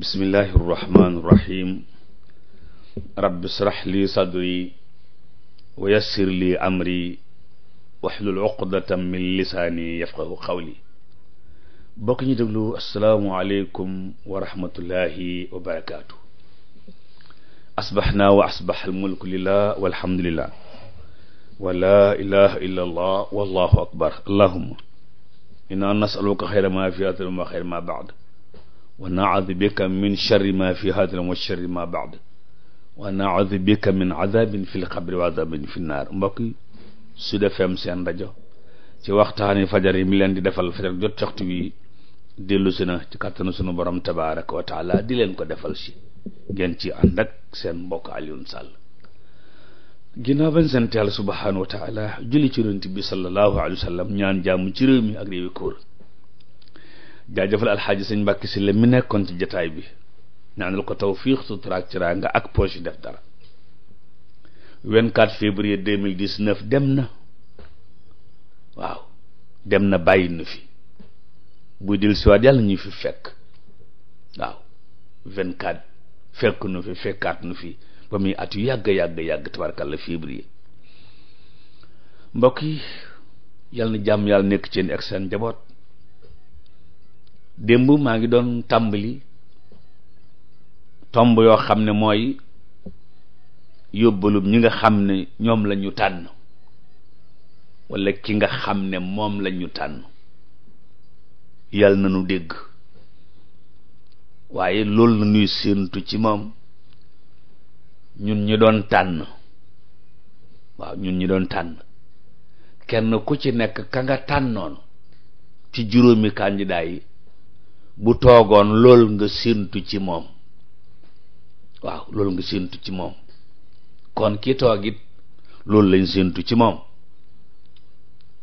bismillahi irrahmani irrahim rabbi israh li sadri wa yassir li amri waxlul uqdatan min lisaani yafqahu qawli bokk ñu déglu asalaamualeykum wa rahmatullahi wa barakaatu asbaxnaa wa asbax almulku lillah walhamdulillah wa laa ilaha illa allah wallahu akbar allahuma inna nasaluka xayra ma fi atalum wa xayra ma baad wa naaudu bika min charri ma fi haadina wa charri ma baad wa naaudu bika min azabin fi lxabri wa azabin fi naar mbokk yi Sud FM seen rajo ci waxtaani fajar yi mi leen di defal fajar jot coxtu wi dellu si na ci kàttanu sunu borom tabaraka wa taala di leen ko defal si ngeen ci ànd ak seen mbokk Alioune Sall ginnaaw bañ sant yàlla subhanahu wa taala julli ci yonent bi sallallahu alayhi wa sallam ñaan jàmm ci réew mi ak réewi kóor jaajëfal alxaaji sëñ mbàkki si la mu nekkoon ci jataay bi ñaanal ko tawfiix suturaak tiraanga ak poche yi def dara 24 février 2019 dem na waaw dem na bàyyi nu fi buy dil siwaat yàlla ñu fi fekk waaw 24 fekk nu fi fekkaat nu fi ba muy at yu yàgg yàgg yàgg tabarkàlla février mbokk yi yàlla na jàmm yàlla nekk ci yéen ak seen njaboot démb maa ngi doon tàmbali tomb yoo xam ne mooy yóbbalum ñi nga xam ne ñoom lañu ñu tànn wala ki nga xam ne moom lañu tànn yàlla na nu dégg waaye loolu na ñuy séentu ci moom ñun ñi doon tànn waaw ñun ñi doon tànn kenn ku ci nekk ka nga tànnoon ci juróomi candidat yi bu toogoon lool nga séentu ci moom waaw loolu nga séentu ci moom kon ki toog it loolu lañ séentu ci moom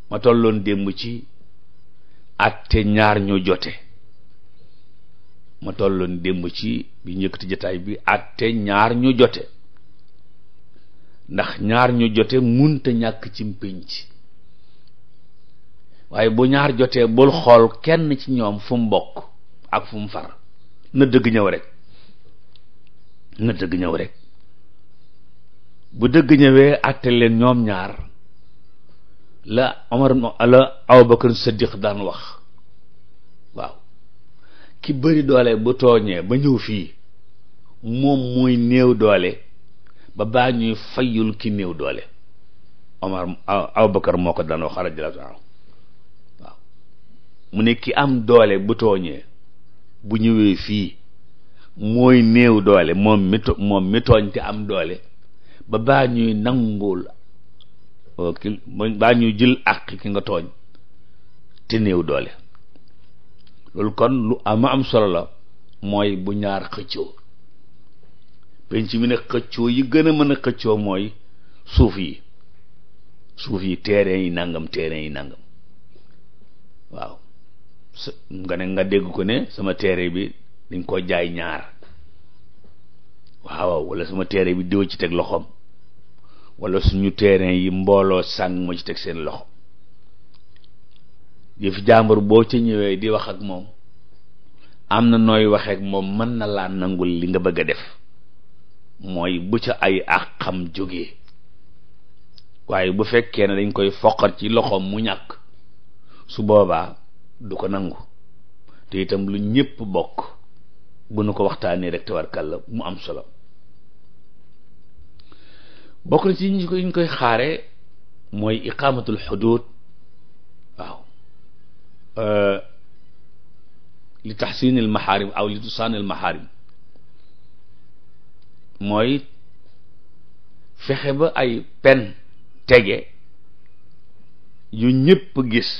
ma tolloon démb ci atte ñaar ñu jote ma tolloon démb ci bi njëkkati jataay bi atte ñaar ñu jote ndax ñaar ñu jote munta ñàkk ci pénc waaye bu ñaar jotee bul xool kenn ci ñoom fu mu bokk ak fu mu far na dëgg ñëw rek na dëgg ñëw rek bu dëgg ñëwee àtte leen ñoom ñaar la Omar la Abubakar Siddiq daan wax waaw ki bëri doole bu tooñee ba ñëw fii moom mooy néew doole ba baa fayul ki néew doole Omar Abubakar moo ko daan wax waaw mu ne ki am doole bu tooñee bu ñëwee fii mooy néew doole moom mi to moom mi tooñ te am doole ba baa ñuy nangul ki baa ñuy jël àq ki nga tooñ te néew doole loolu kon lu ama am solo la mooy bu ñaar xëccoo penc mi ne xëccoo yi gën a mën a xëccoo mooy suuf yi suuf yi terrain yi nangam terrain yi nangam waaw nga ne nga dégg ko ne sama téere bi dañ koo jaay ñaar waaw walla sama téere bi diw ci teg loxoom wala suñu terrain yi mbooloo sàng moo ci teg seen loxo yëf jàmbur boo ci ñëwee di wax ak moom am na nooy waxee ak moom mën na laa nangul li nga bëgg a def mooy bu ca ay àqam jógee waaye bu fekkee ne dañ koy foqar ci loxoom mu ñàkk su boobaa du ko nangu te itam lu ñépp bokk bu nu ko waxtaanee rek tabarkàlla mu am solo bokk na ci ñu koy xaare mooy iqaamatul xuduud waaw euh, li taxsinil maxaarim aw li tusaanil maxaarim mooy fexe ba ay pen tege yu ñépp gis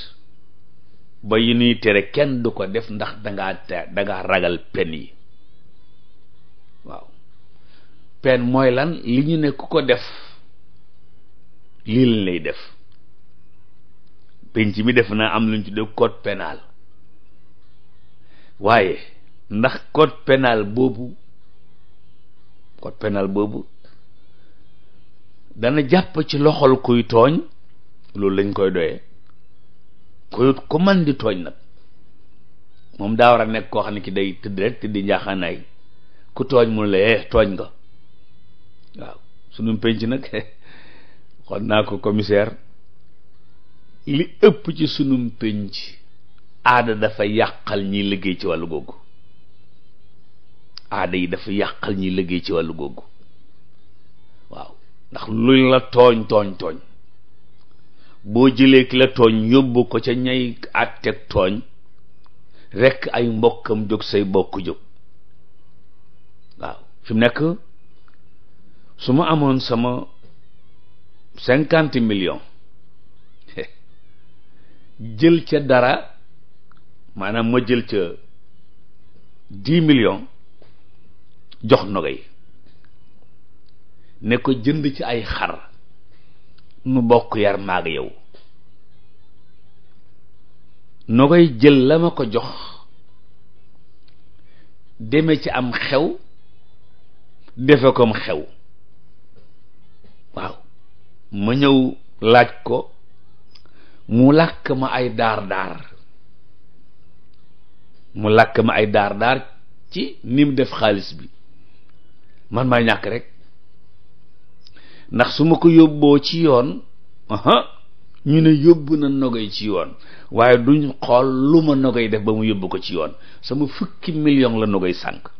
ba yi nuy tere kenn du ko def ndax dangaa te dangaa ragal pen yi waaw pen mooy lan li ñu ne ku ko def lii lañ lay def penc mi def na am lu ñu tuddee code pénal waaye ndax code pénal boobu code pénal boobu dana jàpp ci loxol kuy tooñ loolu lañ koy doyee koyut ku man di tooñ nag moom daa war a nekk koo xam ne ki day tëdd rek tëdd njaaxaanaay ku tooñ mu ne la eh, tooñ nga waaw sunu penc nag xon naa ko commissaire li ëpp ci sunum penc aada dafa yàqal ñiy liggéey ci wàllu googu aada yi dafa yàqal ñiy liggéey ci wàllu googu waaw ndax luñ la tooñ tooñ tooñ boo jëlee ki la tooñ yóbbu ko ca ñay àtteeg tooñ rekk ay mbokkam jóg say bokk jóg waaw fim nekk su ma amoon sama cinquante million jël ca dara maanaam ma jël ca dix million jox nogay ne ko jënd ci ay xar nu bokk yar maag yow noo koy jël la ma ko jox deme ci am xew defe kom xew waaw ma ñëw laaj ko mu làkk ma ay daar daar mu làkk ma ay daar daar ci ni def xaalis bi man maa ñàkk rek ndax su ma ko yóbboo ci yoon ñu ne yóbbu na nogay ci yoon waaye duñ xool lu ma nogay def ba mu yóbbu ko ci yoon sama fukki million la nogay sànq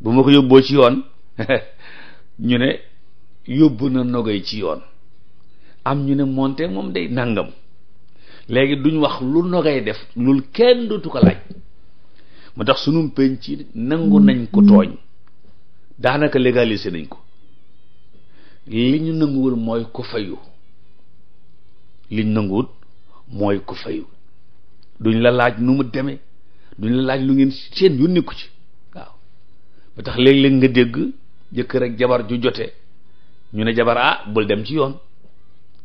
bu ma ko yóbboo ci yoon ñu ne yóbbu na nogay ci yoon am ñu ne monte moom day nangam léegi duñ wax lu nogay def loolu kenn dootu ko laaj mu tax sunu penc nangu nañ ko tooñ daanaka légaliser nañ ko li ñu nanguwul mooy ku fayu li ñu nanguwut mooy ku fayu duñ la laaj nu mu demee duñ la laaj lu ngeen seen yónni ko ci waaw ba tax léeg-léeg nga dégg jëkkër ak jabar ju jote ñu ne jabar ah bul dem ci yoon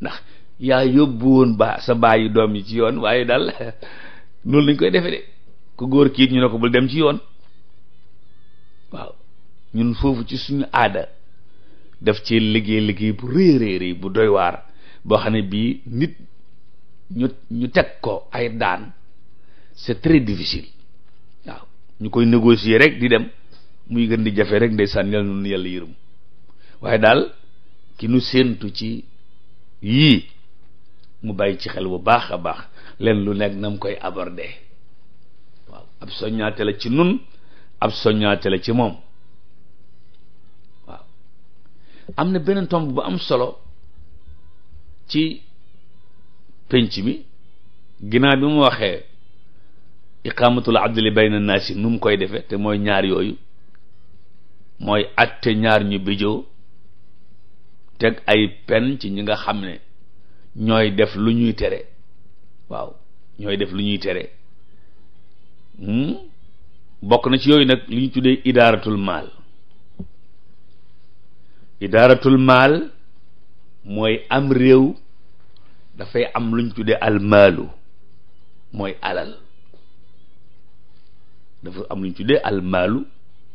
ndax yaa yóbbu woon ba sa bàyyi doom yi ci yoon waaye daal noonu lañ koy defe de ku góor kiit ñu ne ko bul dem ci yoon waaw ñun foofu ci suñu aada def ci liggéey liggéey bu réy réy bu doy waar boo xam ne bii nit ñu ñu teg ko ay daan c'est très difficile waaw ñu koy négocier rek di dem muy gën di jafe rek ndeysaan yàlla nu yàlla yërëm waaye daal ki nu séentu ci yii mu bàyyi ci xel bu baax a baax leen lu nekk na mu koy aborder waaw ab soññaate la ci nun ab soññaate la ci moom am na beneen tomb bu am solo ci penc bi ginnaaw bi mu waxee iqaamatul adli bayna naasi nu mu koy defe te mooy ñaar yooyu mooy atte ñaar ñu bijoo teg ay pen ci ñi nga xam ne ñooy def lu ñuy tere waaw ñooy def lu ñuy tere hmm? bokk na ci yooyu nag li ñu tuddee idaaratul maal idaaratul maal mooy am réew dafay am luñ tuddee almaalu mooy alal dafa am luñ tuddee almaalu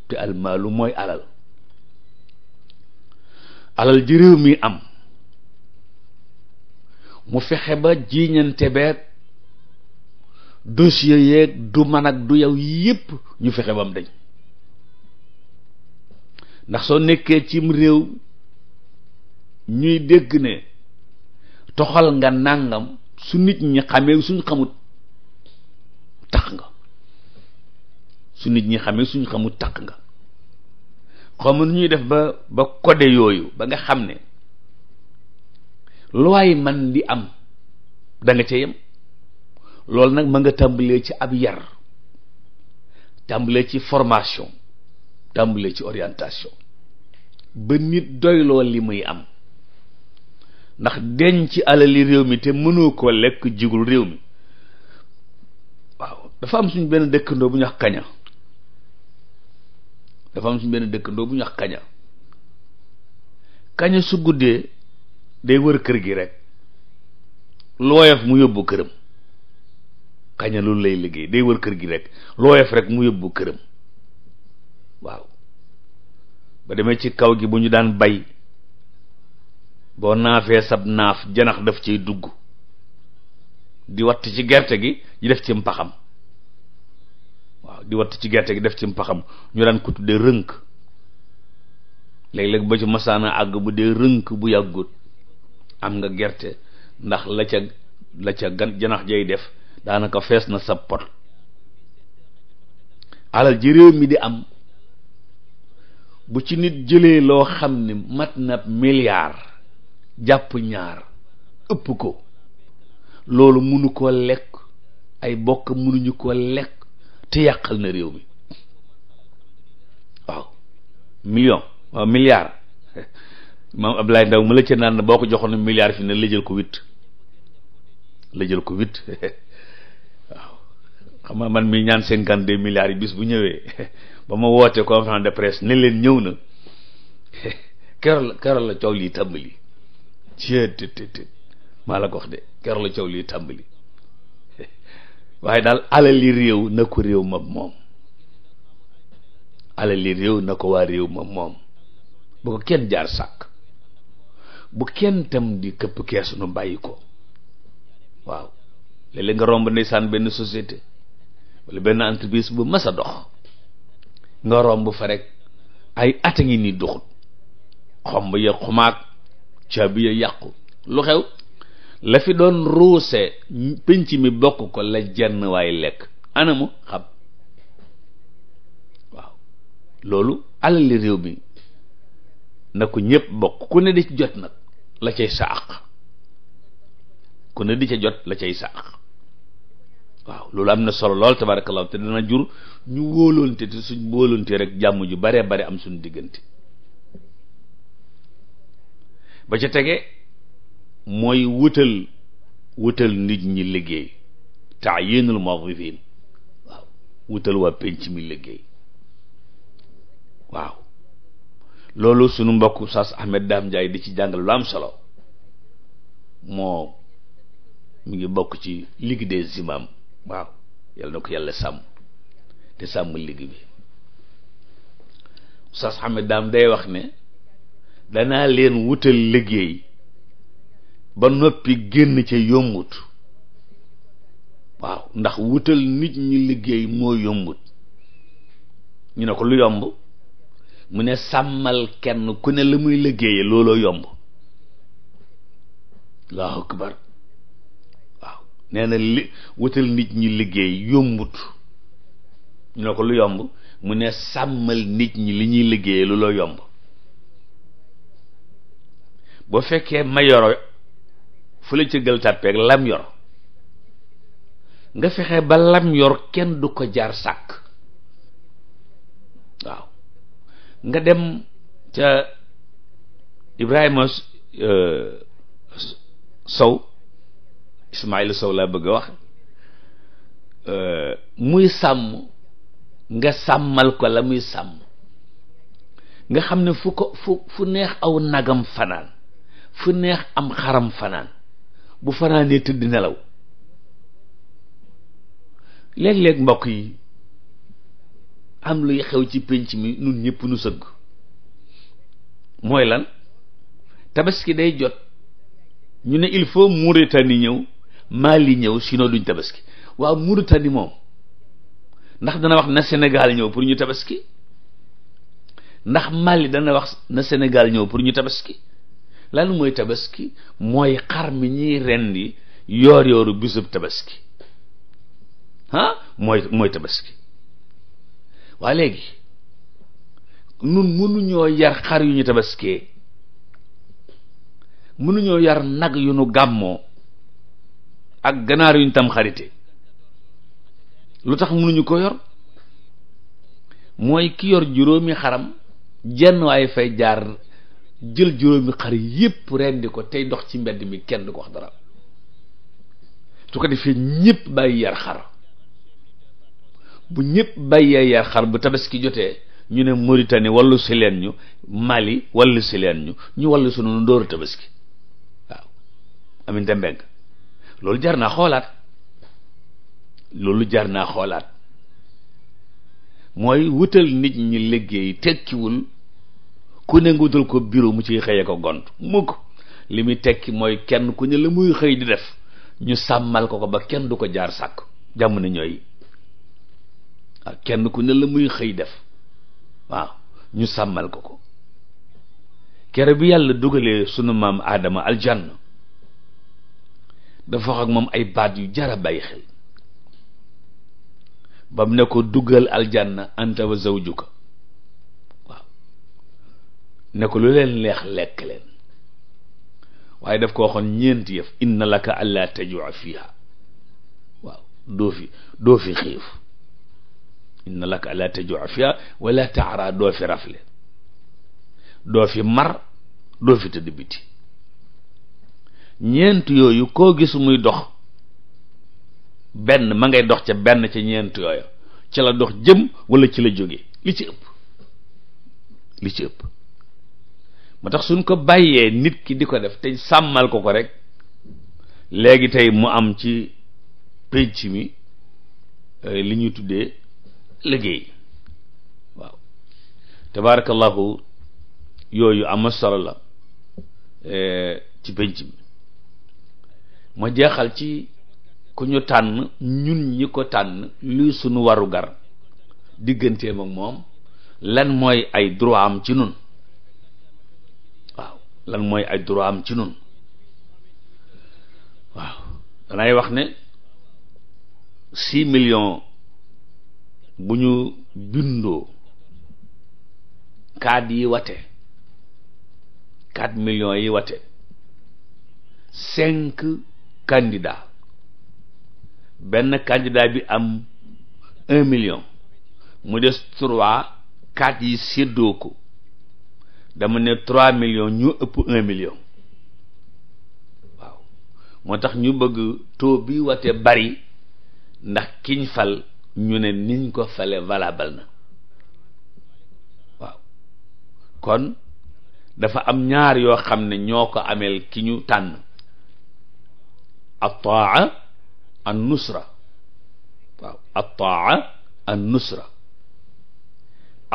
te almaalu mooy alal alal ji réew mi am mu fexe ba jiiñante beeg dossier yeeg du man ak du yow yépp ñu fexe bam dañ ndax soo nekkee cim réew ñuy dégg ne toxal nga nàngam su nit ñi xamee suñ xamut tax nga su nit ñi xamee suñ xamut tax nga xawma nu ñuy def ba ba code yooyu ba nga xam ne looy man di am da ca yem loolu nag ma nga tàmbalee ci ab yar tàmbalee ci formation tàmbalee ci orientation ba nit doyloo li muy am ndax ci alali réew mi te mënoo ko lekk jigul réew mi waaw dafa am suñ benn dëkkandoo bu ñu wax kaña dafa am benn dëkkandoo bu ñu wax kaña su guddee day wër kër gi rekk looyof mu yóbbu këram kaña lay liggéey day wër kër gi rekk looyof rek mu yóbbu këram waaw ba demee ci kaw gi bu ñu daan bay boo naafee sab naaf janax daf ciy dugg di watt ci gerte gi ñu def ci mpaxam waaw di watt ci gerte gi def ci mpaxam ñu daan ko tuddee rënk léeg-léeg ba ci masaana àgg bu dee rënk bu yàggut am nga gerte ndax la ca la ca gan janax jay def daanaka fees na sa pot alal ji mi di am bu ci nit jëlee loo xam ne mat na milliard jàpp ñaar ëpp ko loolu munu ko lekk ay bokk munuñu ko lekk te yàqal na réew mi waaw million waaw milliard maam Abdoulaye Ndaw ma la ca naan boo ko joxoon milliard fi ne la jël ko huit la jël ko huit waaw xam nga man mi ñaan cinquante deux milliards yi bis bu ñëwee ba ma wootee conférence de presse ne leen ñëw na keroog la la coow lii tàmbali ceeb te maa la ko wax de keroog la coow lii tàmbali waaye daal alali réew na réew ma moom alali réew na ko waa réew ma moom bu ko kenn jaar sàkk bu kenn tam di këpp keesu nu bàyyi ko waaw léeg-léeg nga romb ndeysaan benn société walla benn entreprise bu mas a dox nga romb fa rek ay ata ngi nii duxut xomb ya xumaag caabi ya yàqu lu xew la fi doon ruuse pénc mi bokk ko la jenn waay lekk anamu xam waaw loolu alali réew mi na ko ñépp bokk ku ne di jot nag la cay saaq ku ne di ca jot la cay saaq waaw loolu am na solo lool tabarakallahu te dana jur ñu wóolonte te suñ wóolonte rek jàmm yu baree bare am suñu diggante ba ca tege mooy wutal wutal nit ñi liggéey taayinul mawqifin waaw wutal waa penc mi liggéey waaw loolu sunu mbokk sas Ahmed Dame Ndiaye di ci jàngal lu am solo moo mu ngi bokk ci ligue des imams waaw yàlla na ko yàlla sàmm te sàmm liggéey bi Oustaz Ahmed Dame day wax ne danaa leen wutal liggéey ba noppi génn ca yombut waaw ndax wutal nit ñi liggéey moo yombut ñu ne ko lu yomb mu ne sàmmal kenn ku ne la muy liggéey looloo yomb allahu akbar nee li wutal nit ñi liggéey yombut ñu ne ko lu yomb mu ne sàmmal nit ñi li ñuy liggéey lu la yomb boo fekkee ma yoro fu la ci gël lam yor nga fexe ba lam yor kenn du ko jaar sàkk waaw nga dem ca Ibrahima euh, Sow Ismaïla Sow laa bëgg a wax euh, muy sàmm nga sàmmal ko la muy sàmm nga xam ne fu ko fu fu neex aw nagam fanaan fu neex am xaram fanaan bu fanaanee tëdd nelaw léeg-léeg mbokk yi am luy xew ci pénc mi nun ñëpp nu sëgg mooy lan tabaski day jot ñu ne il faut Mauritanie ñëw yi ñëw sinon duñ tabaski waaw Mauritanie moom ndax dana wax na Sénégal ñëw pour ñu tabaski ndax yi dana wax na Sénégal ñëw pour ñu tabaski lan mooy tabaski mooy xar mi ñuy rendi yoor yooru bisub tabaski ah mooy mooy tabaski waa léegi nun mënuñoo yar xar yu ñu tabaskee mënuñoo yar nag yu nu gàmmoo ak ganaar yuñ tam xarite lu tax mënuñu ko yor mooy ki yor juróomi xaram jenn waaye fay jaar jël juróomi xar yépp rendi ko tey dox ci mbedd mi kenn du ko wax dara su ko defee ñépp bàyyi yar xar bu ñépp bàyyee yar xar bu tabaski jotee ñu ne Mauritanie wallu si leen ñu Mali wallu si leen ñu ñu wallu sunu ndóoru tabaski waaw aminta mbeng loolu jar naa xoolaat loolu jar naa xoolaat mooy wutal nit ñi liggéey tekkiwul ku ne nga wutal ko bureau mu ciy xëyee ko gont mukk li muy tekki mooy kenn ku ne la muy xëy di def ñu sàmmal ko ko ba kenn du ko jaar sàkk jamono ñooy waaw kenn ku ne xëy def waaw ñu sàmmal ko ko kere bi yàlla dugalee sunu maam aadama aljanna dafa wax ak moom ay baat yu jara bàyyi xel ba mu ne ko duggal aljanna anta wa zawjuka waaw ne ko lu leen leex lekk leen waaye daf ko waxoon ñeenti yëf inna laka allaa tajua fiha waaw doo fi doo fi xiif inna laka allaa tajua fiha wala taara doo fi rafle doo fi mar doo fi tëdd biti ñeent yooyu koo gis muy dox benn ma ngay dox ca benn ca ñeent yooyu ci la dox jëm wala ci la jóge li ci ëpp li ci ëpp moo tax suñ ko bàyyee nit ki di ko def te sàmmal ko ko rek léegi tey mu am ci pénc mi euh, li ñuy tuddee liggéey waaw tabaarakallahu yooyu am solo la euh, ci pénc mi ma jeexal ci ku ñu tànn ñun ñi ko tànn luy sunu warugar digganteem ak moom lan mooy ay droit am ci nun waaw lan mooy ay droit am ci nun waaw danay wax ne six millions bu ñu bindoo cadre yi wate quatre millions yi wate candidat benn candidat bi am un million mu des trois quatre yi séddoo ko dama ne trois millions ñu ëpp un million waaw moo tax ñu bëgg taux bi wate bari ndax kiñ fal ñu ne niñ ko fale valable na waaw kon dafa am ñaar yoo xam ne ñoo ko ameel ki ñu tànn attaa an nusra waaw attaa nusra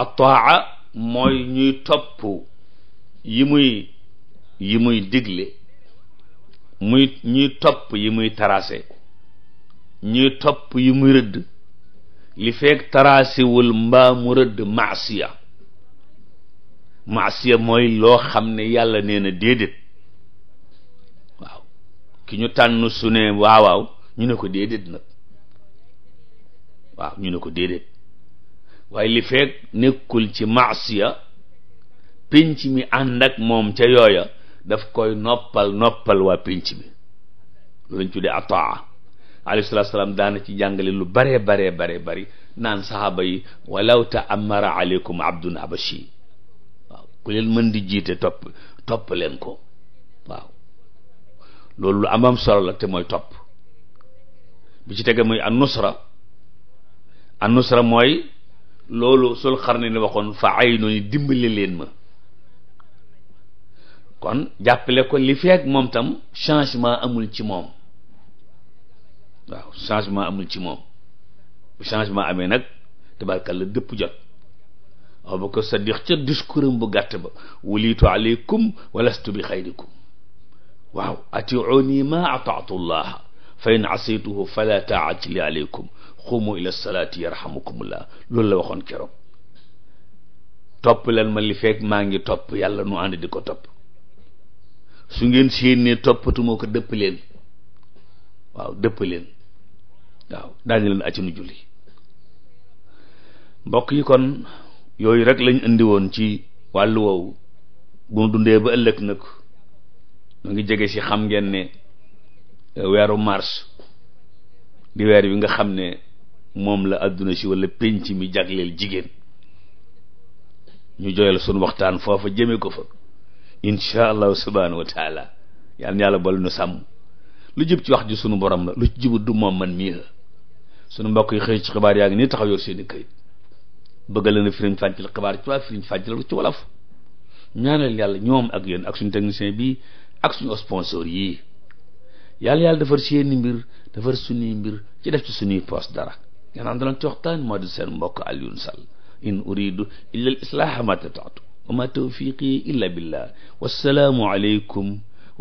attaa mooy ñuy topp yi muy yi digle ñuy topp yi muy tracé ñuy topp yi muy rëdd li feek tarasiwul mbaamu rëdd maasiya maasiya mooy loo xam ne yàlla nee na déedéet ki ñu tànn su ne waawaaw ñu ne ko déedéet nag waaw ñu ne ko déedéet waaye li fekk nekkul ci maasiya pénc mi ànd ak moom ca yooya daf koy noppal noppal waa pinc mi loolu lañ tuddee ataa alayhi salaatu daana ci jàngale lu bare bare bare bari naan saxaaba yi walaw ta'ammara aleykum abdun abashi waaw ku leen mën di jiite topp topp leen ko waaw loolu lu amam solo la te mooy topp bu ci tege muy annusra annusra mooy loolu sul xarni ni waxoon fa ay noonu dimbali leen ma kon jàppale ko li feeg moom tam changement amul ci moom waaw changement amul ci moom bu changement amee nag tabarkalla dëpp jot Abubakar Sadiq ca discours am bu gàtt ba wulitu aleykum walastu bi xayrikum waaw atiuni ma ataatu llaha fa in asaytuhu fala taati li aleykum xumu ila salaati yarhamukumullah loolu la waxoon keroog topp leen ma li fekk maa ngi topp yàlla nu ànd di ko topp su ngeen si séenee toppatuma ko dëpp leen waaw dëpp leen waaw daañu leen acci nu julli mbokk yi kon yooyu rek lañ indi woon ci wàllu woowu bu nu dundee ba ëllëg nag mu ngi jege si xam ngeen ne euh, weeru mars di weer wi nga xam ne moom la àdduna si walla pénc mi jagleel jigéen ñu joyal suñu waxtaan foofa jëme ko fa insha allahu subhanahu wa taala yàlla yàlla bol nu sàmm lu jub ci wax ji sunu borom la lu ci du moom man mii la sunu mbokk yi xëy ci xabaar yaa ngi nii taxaw yor seeni këyit bëgg leen a firiñ fànc la xibaar ci waa firiñ fànc la ci wolof ñaanal yàlla ñoom ak yéen ak suñu technicien bii ak suñu sponsor yii yàlla yàlla defar seeni mbir defar suñuy mbir ci def ci suñuy poste dara ngeen am daloon ci waxtaan moo di seen mbokk Alioune Sall in uridu illa al islaaha ma tataatu wa ma tawfiqi illa billah wassalaamu aleykum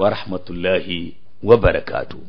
wa rahmatullahi wa barakaatuh